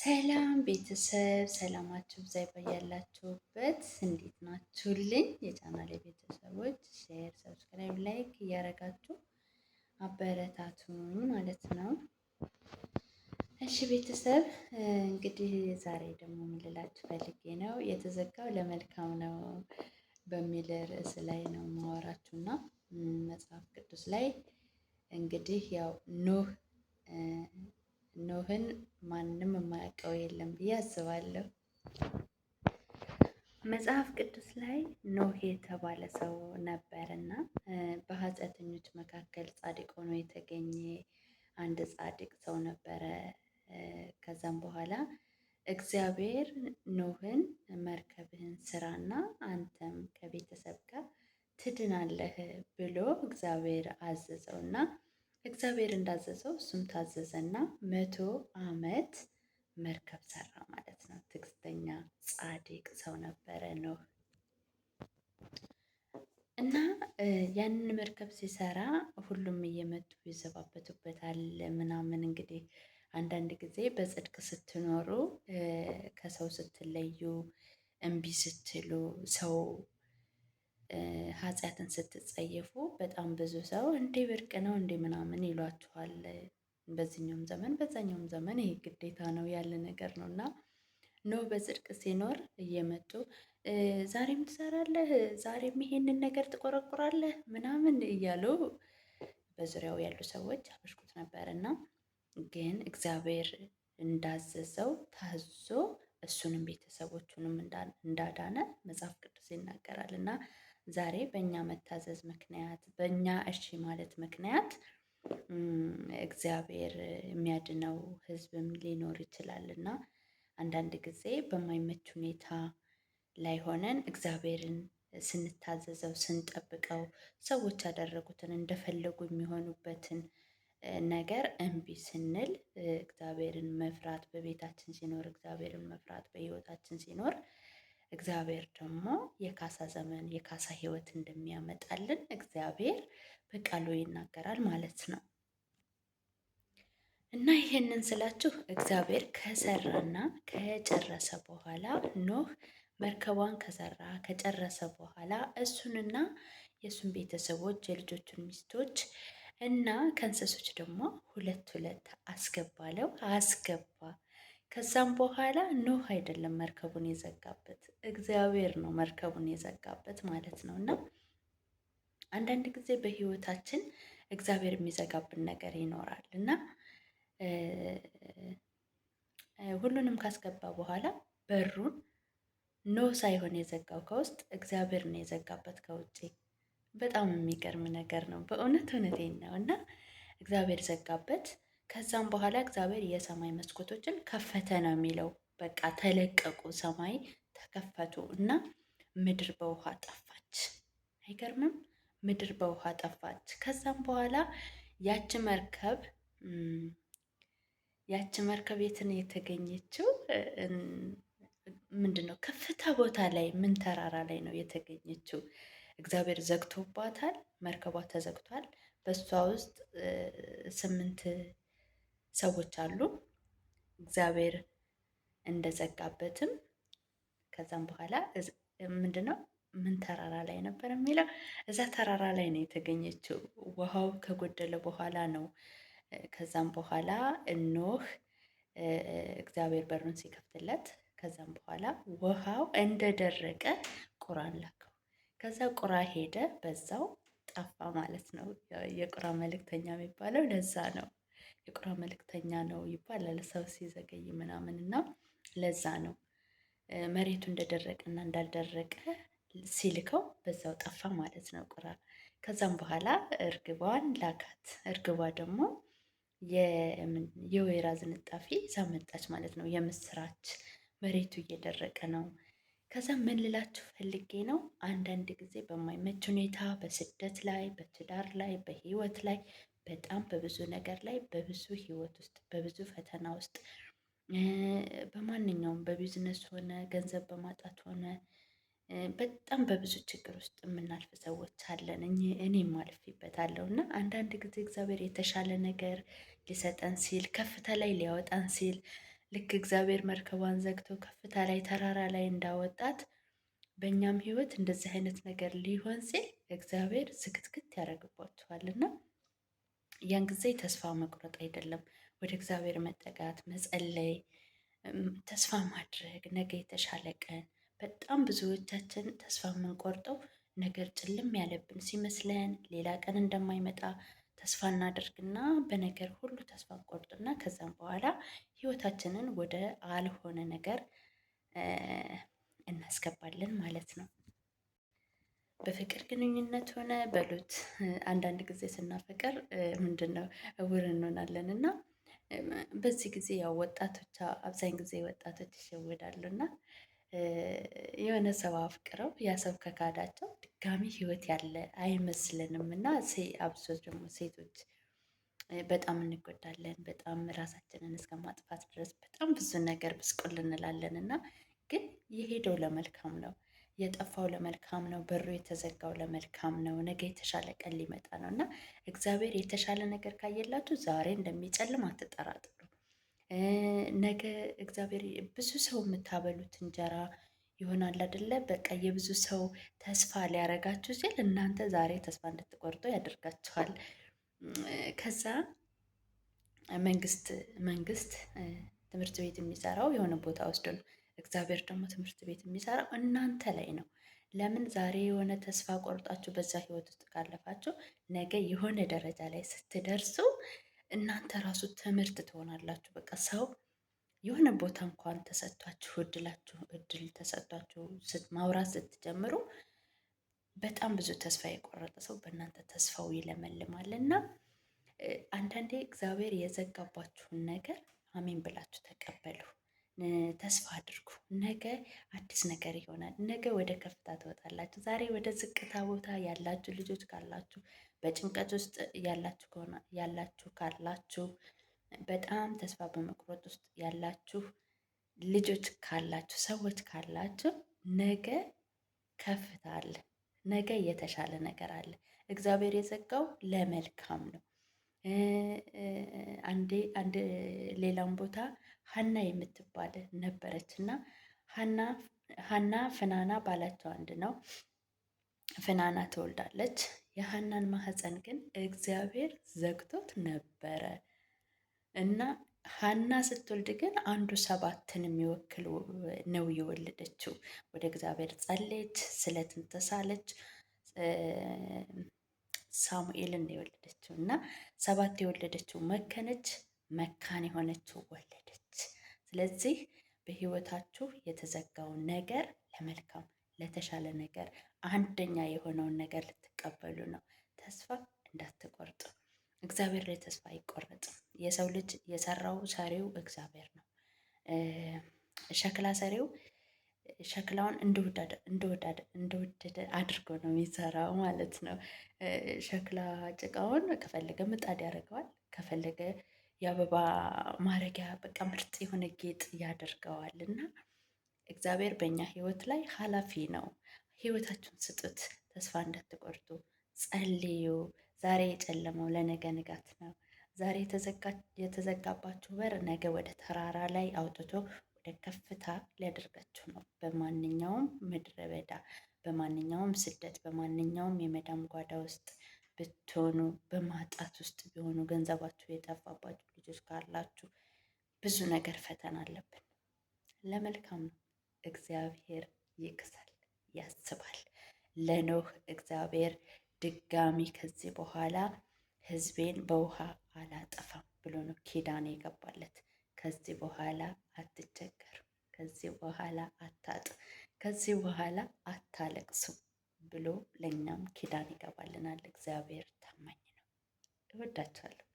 ሰላም ቤተሰብ ሰላማችሁ ብዛይ ባያላችሁበት እንዴት ናችሁልኝ? የቻናሌ ቤተሰቦች ሼር፣ ሰብስክራይብ፣ ላይክ እያደረጋችሁ አበረታቱን ማለት ነው። እሺ ቤተሰብ እንግዲህ ዛሬ ደግሞ የምልላችሁ ፈልጌ ነው የተዘጋው ለመልካም ነው በሚል ርዕስ ላይ ነው የማወራችሁ እና መጽሐፍ ቅዱስ ላይ እንግዲህ ያው ኖህ ኖህን ማንም የማያውቀው የለም ብዬ አስባለሁ። መጽሐፍ ቅዱስ ላይ ኖህ የተባለ ሰው ና በኃጢአተኞች መካከል ጻድቅ ሆኖ የተገኘ አንድ ጻድቅ ሰው ነበረ። ከዛም በኋላ እግዚአብሔር ኖህን መርከብህን ስራና አንተም ከቤተሰብ ጋር ትድናለህ ብሎ እግዚአብሔር ና እግዚአብሔር እንዳዘዘው እሱም ታዘዘና መቶ ዓመት መርከብ ሰራ ማለት ነው። ትዕግስተኛ ጻድቅ ሰው ነበረ ኖህ። እና ያንን መርከብ ሲሰራ ሁሉም እየመጡ ይዘባበቱበታል ምናምን። እንግዲህ አንዳንድ ጊዜ በጽድቅ ስትኖሩ ከሰው ስትለዩ እምቢ ስትሉ ሰው ኃጢአትን ስትጸየፉ በጣም ብዙ ሰው እንዴ ብርቅ ነው እንዴ ምናምን ይሏችኋል። በዚህኛውም ዘመን በዛኛውም ዘመን ይሄ ግዴታ ነው ያለ ነገር ነው እና ኖ በጽድቅ ሲኖር እየመጡ ዛሬም ትሰራለህ፣ ዛሬም ይሄንን ነገር ትቆረቁራለህ ምናምን እያሉ በዙሪያው ያሉ ሰዎች አበሽኩት ነበር እና ግን እግዚአብሔር እንዳዘዘው ታዞ እሱንም ቤተሰቦቹንም እንዳዳነ መጽሐፍ ቅዱስ ይናገራል እና ዛሬ በእኛ መታዘዝ ምክንያት በእኛ እሺ ማለት ምክንያት እግዚአብሔር የሚያድነው ህዝብም ሊኖር ይችላል እና አንዳንድ ጊዜ በማይመች ሁኔታ ላይ ሆነን እግዚአብሔርን ስንታዘዘው ስንጠብቀው ሰዎች ያደረጉትን እንደፈለጉ የሚሆኑበትን ነገር እምቢ ስንል እግዚአብሔርን መፍራት በቤታችን ሲኖር እግዚአብሔርን መፍራት በህይወታችን ሲኖር እግዚአብሔር ደግሞ የካሳ ዘመን የካሳ ህይወት እንደሚያመጣልን እግዚአብሔር በቃሉ ይናገራል ማለት ነው። እና ይህንን ስላችሁ እግዚአብሔር ከሰራና ከጨረሰ በኋላ ኖህ መርከቧን ከሰራ ከጨረሰ በኋላ እሱንና የእሱን ቤተሰቦች የልጆቹን ሚስቶች እና ከእንስሶች ደግሞ ሁለት ሁለት አስገባለው አስገባ ከዛም በኋላ ኖህ አይደለም መርከቡን የዘጋበት እግዚአብሔር ነው መርከቡን የዘጋበት ማለት ነው። እና አንዳንድ ጊዜ በህይወታችን እግዚአብሔር የሚዘጋብን ነገር ይኖራል እና ሁሉንም ካስገባ በኋላ በሩን ኖህ ሳይሆን የዘጋው ከውስጥ እግዚአብሔር ነው የዘጋበት ከውጭ። በጣም የሚገርም ነገር ነው በእውነት እውነቴን ነው እና እግዚአብሔር ዘጋበት። ከዛም በኋላ እግዚአብሔር የሰማይ መስኮቶችን ከፈተ ነው የሚለው። በቃ ተለቀቁ፣ ሰማይ ተከፈቱ እና ምድር በውሃ ጠፋች። አይገርምም? ምድር በውሃ ጠፋች። ከዛም በኋላ ያች መርከብ ያች መርከብ የትን የተገኘችው ምንድን ነው? ከፍታ ቦታ ላይ ምን ተራራ ላይ ነው የተገኘችው? እግዚአብሔር ዘግቶባታል። መርከቧ ተዘግቷል። በእሷ ውስጥ ስምንት ሰዎች አሉ። እግዚአብሔር እንደዘጋበትም ከዛም በኋላ ምንድነው ምን ተራራ ላይ ነበር የሚለው እዛ ተራራ ላይ ነው የተገኘችው። ውሃው ከጎደለ በኋላ ነው። ከዛም በኋላ ኖህ እግዚአብሔር በሩን ሲከፍትለት ከዛም በኋላ ውሃው እንደደረቀ ቁራን ላከው። ከዛ ቁራ ሄደ፣ በዛው ጠፋ ማለት ነው። የቁራ መልእክተኛ የሚባለው ለዛ ነው። የቁራ መልእክተኛ ነው ይባላል ሰው ሲዘገይ ምናምን እና ለዛ ነው መሬቱ እንደደረቀና እንዳልደረቀ ሲልከው በዛው ጠፋ ማለት ነው ቁራ። ከዛም በኋላ እርግቧን ላካት። እርግቧ ደግሞ የወይራ ዝንጣፊ ይዛ መጣች ማለት ነው። የምስራች መሬቱ እየደረቀ ነው። ከዛ ምን ልላችሁ ፈልጌ ነው፣ አንዳንድ ጊዜ በማይመች ሁኔታ በስደት ላይ፣ በትዳር ላይ፣ በህይወት ላይ በጣም በብዙ ነገር ላይ በብዙ ህይወት ውስጥ በብዙ ፈተና ውስጥ በማንኛውም በቢዝነስ ሆነ ገንዘብ በማጣት ሆነ በጣም በብዙ ችግር ውስጥ የምናልፍ ሰዎች አለን። እኔም አልፌበታለሁ እና አንዳንድ ጊዜ እግዚአብሔር የተሻለ ነገር ሊሰጠን ሲል ከፍታ ላይ ሊያወጣን ሲል ልክ እግዚአብሔር መርከቧን ዘግቶ ከፍታ ላይ ተራራ ላይ እንዳወጣት በእኛም ህይወት እንደዚህ አይነት ነገር ሊሆን ሲል እግዚአብሔር ዝግትግት እና ያን ጊዜ ተስፋ መቁረጥ አይደለም፣ ወደ እግዚአብሔር መጠጋት፣ መጸለይ፣ ተስፋ ማድረግ፣ ነገ የተሻለ ቀን። በጣም ብዙዎቻችን ተስፋ የምንቆርጠው ነገር ጭልም ያለብን ሲመስለን ሌላ ቀን እንደማይመጣ ተስፋ እናደርግና በነገር ሁሉ ተስፋ እንቆርጥና ከዛም በኋላ ህይወታችንን ወደ አልሆነ ነገር እናስገባለን ማለት ነው። በፍቅር ግንኙነት ሆነ በሉት አንዳንድ ጊዜ ስናፈቅር ምንድን ነው እውር እንሆናለን እና በዚህ ጊዜ ያው ወጣቶች አብዛኝ ጊዜ ወጣቶች ይሸወዳሉ እና የሆነ ሰው አፍቅረው ያ ሰው ከካዳቸው ድጋሚ ህይወት ያለ አይመስልንም እና አብሶ ደግሞ ሴቶች በጣም እንጎዳለን። በጣም ራሳችንን እስከ ማጥፋት ድረስ በጣም ብዙ ነገር ብስቁል እንላለን እና ግን የሄደው ለመልካም ነው። የጠፋው ለመልካም ነው፣ በሩ የተዘጋው ለመልካም ነው፣ ነገ የተሻለ ቀን ሊመጣ ነው እና እግዚአብሔር የተሻለ ነገር ካየላችሁ ዛሬ እንደሚጨልም አትጠራጥሩ። ነገ እግዚአብሔር ብዙ ሰው የምታበሉት እንጀራ ይሆናል አይደለ? በቃ የብዙ ሰው ተስፋ ሊያረጋችሁ ሲል እናንተ ዛሬ ተስፋ እንድትቆርጡ ያደርጋችኋል። ከዛ መንግስት መንግስት ትምህርት ቤት የሚሰራው የሆነ ቦታ ወስዶ ነው እግዚአብሔር ደግሞ ትምህርት ቤት የሚሰራው እናንተ ላይ ነው። ለምን ዛሬ የሆነ ተስፋ ቆርጣችሁ በዛ ህይወት ውስጥ ካለፋችሁ ነገ የሆነ ደረጃ ላይ ስትደርሱ እናንተ ራሱ ትምህርት ትሆናላችሁ። በቃ ሰው የሆነ ቦታ እንኳን ተሰጥቷችሁ እድላችሁ እድል ተሰጥቷችሁ ማውራት ስትጀምሩ በጣም ብዙ ተስፋ የቆረጠ ሰው በእናንተ ተስፋው ይለመልማል። እና አንዳንዴ እግዚአብሔር የዘጋባችሁን ነገር አሜን ብላችሁ ተቀበሉ። ተስፋ አድርጉ። ነገ አዲስ ነገር ይሆናል። ነገ ወደ ከፍታ ትወጣላችሁ። ዛሬ ወደ ዝቅታ ቦታ ያላችሁ ልጆች ካላችሁ፣ በጭንቀት ውስጥ ያላችሁ ከሆነ ያላችሁ ካላችሁ፣ በጣም ተስፋ በመቁረጥ ውስጥ ያላችሁ ልጆች ካላችሁ፣ ሰዎች ካላችሁ፣ ነገ ከፍታ አለ። ነገ የተሻለ ነገር አለ። እግዚአብሔር የዘጋው ለመልካም ነው። አንዴ አንድ ሌላም ቦታ ሀና የምትባል ነበረች እና ሀና ፍናና ባላቸው አንድ ነው። ፍናና ትወልዳለች። የሀናን ማህፀን ግን እግዚአብሔር ዘግቶት ነበረ እና ሀና ስትወልድ ግን አንዱ ሰባትን የሚወክል ነው የወለደችው። ወደ እግዚአብሔር ጸሌች ስለትን ተሳለች። ሳሙኤልን የወለደችው እና ሰባት የወለደችው መከነች፣ መካን የሆነችው ወለደች። ስለዚህ በህይወታችሁ የተዘጋውን ነገር ለመልካም ለተሻለ ነገር አንደኛ የሆነውን ነገር ልትቀበሉ ነው። ተስፋ እንዳትቆርጡ። እግዚአብሔር ላይ ተስፋ አይቆረጥም። የሰው ልጅ የሰራው ሰሪው እግዚአብሔር ነው። ሸክላ ሰሪው ሸክላውን እንደወደደ አድርጎ ነው የሚሰራው ማለት ነው። ሸክላ ጭቃውን ከፈለገ ምጣድ ያደርገዋል፣ ከፈለገ የአበባ ማረጊያ በቃ ምርጥ የሆነ ጌጥ ያደርገዋል። እና እግዚአብሔር በእኛ ህይወት ላይ ኃላፊ ነው። ህይወታችሁን ስጡት፣ ተስፋ እንዳትቆርጡ፣ ጸልዩ። ዛሬ የጨለመው ለነገ ንጋት ነው። ዛሬ የተዘጋባችሁ በር ነገ ወደ ተራራ ላይ አውጥቶ ወደ ከፍታ ሊያደርጋቸው ነው። በማንኛውም ምድረ በዳ፣ በማንኛውም ስደት፣ በማንኛውም የመዳም ጓዳ ውስጥ ብትሆኑ፣ በማጣት ውስጥ ቢሆኑ፣ ገንዘባችሁ የጠፋባችሁ ልጆች ካላችሁ ብዙ ነገር ፈተና አለብን። ለመልካም እግዚአብሔር ይክሳል፣ ያስባል። ለኖህ እግዚአብሔር ድጋሚ ከዚህ በኋላ ህዝቤን በውሃ አላጠፋም ብሎ ነው ኪዳን የገባለት። ከዚህ በኋላ አትቸገርም፣ ከዚህ በኋላ አታጥ፣ ከዚህ በኋላ አታለቅሱ ብሎ ለእኛም ኪዳን ይገባልናል። እግዚአብሔር ታማኝ ነው። እወዳችኋለሁ።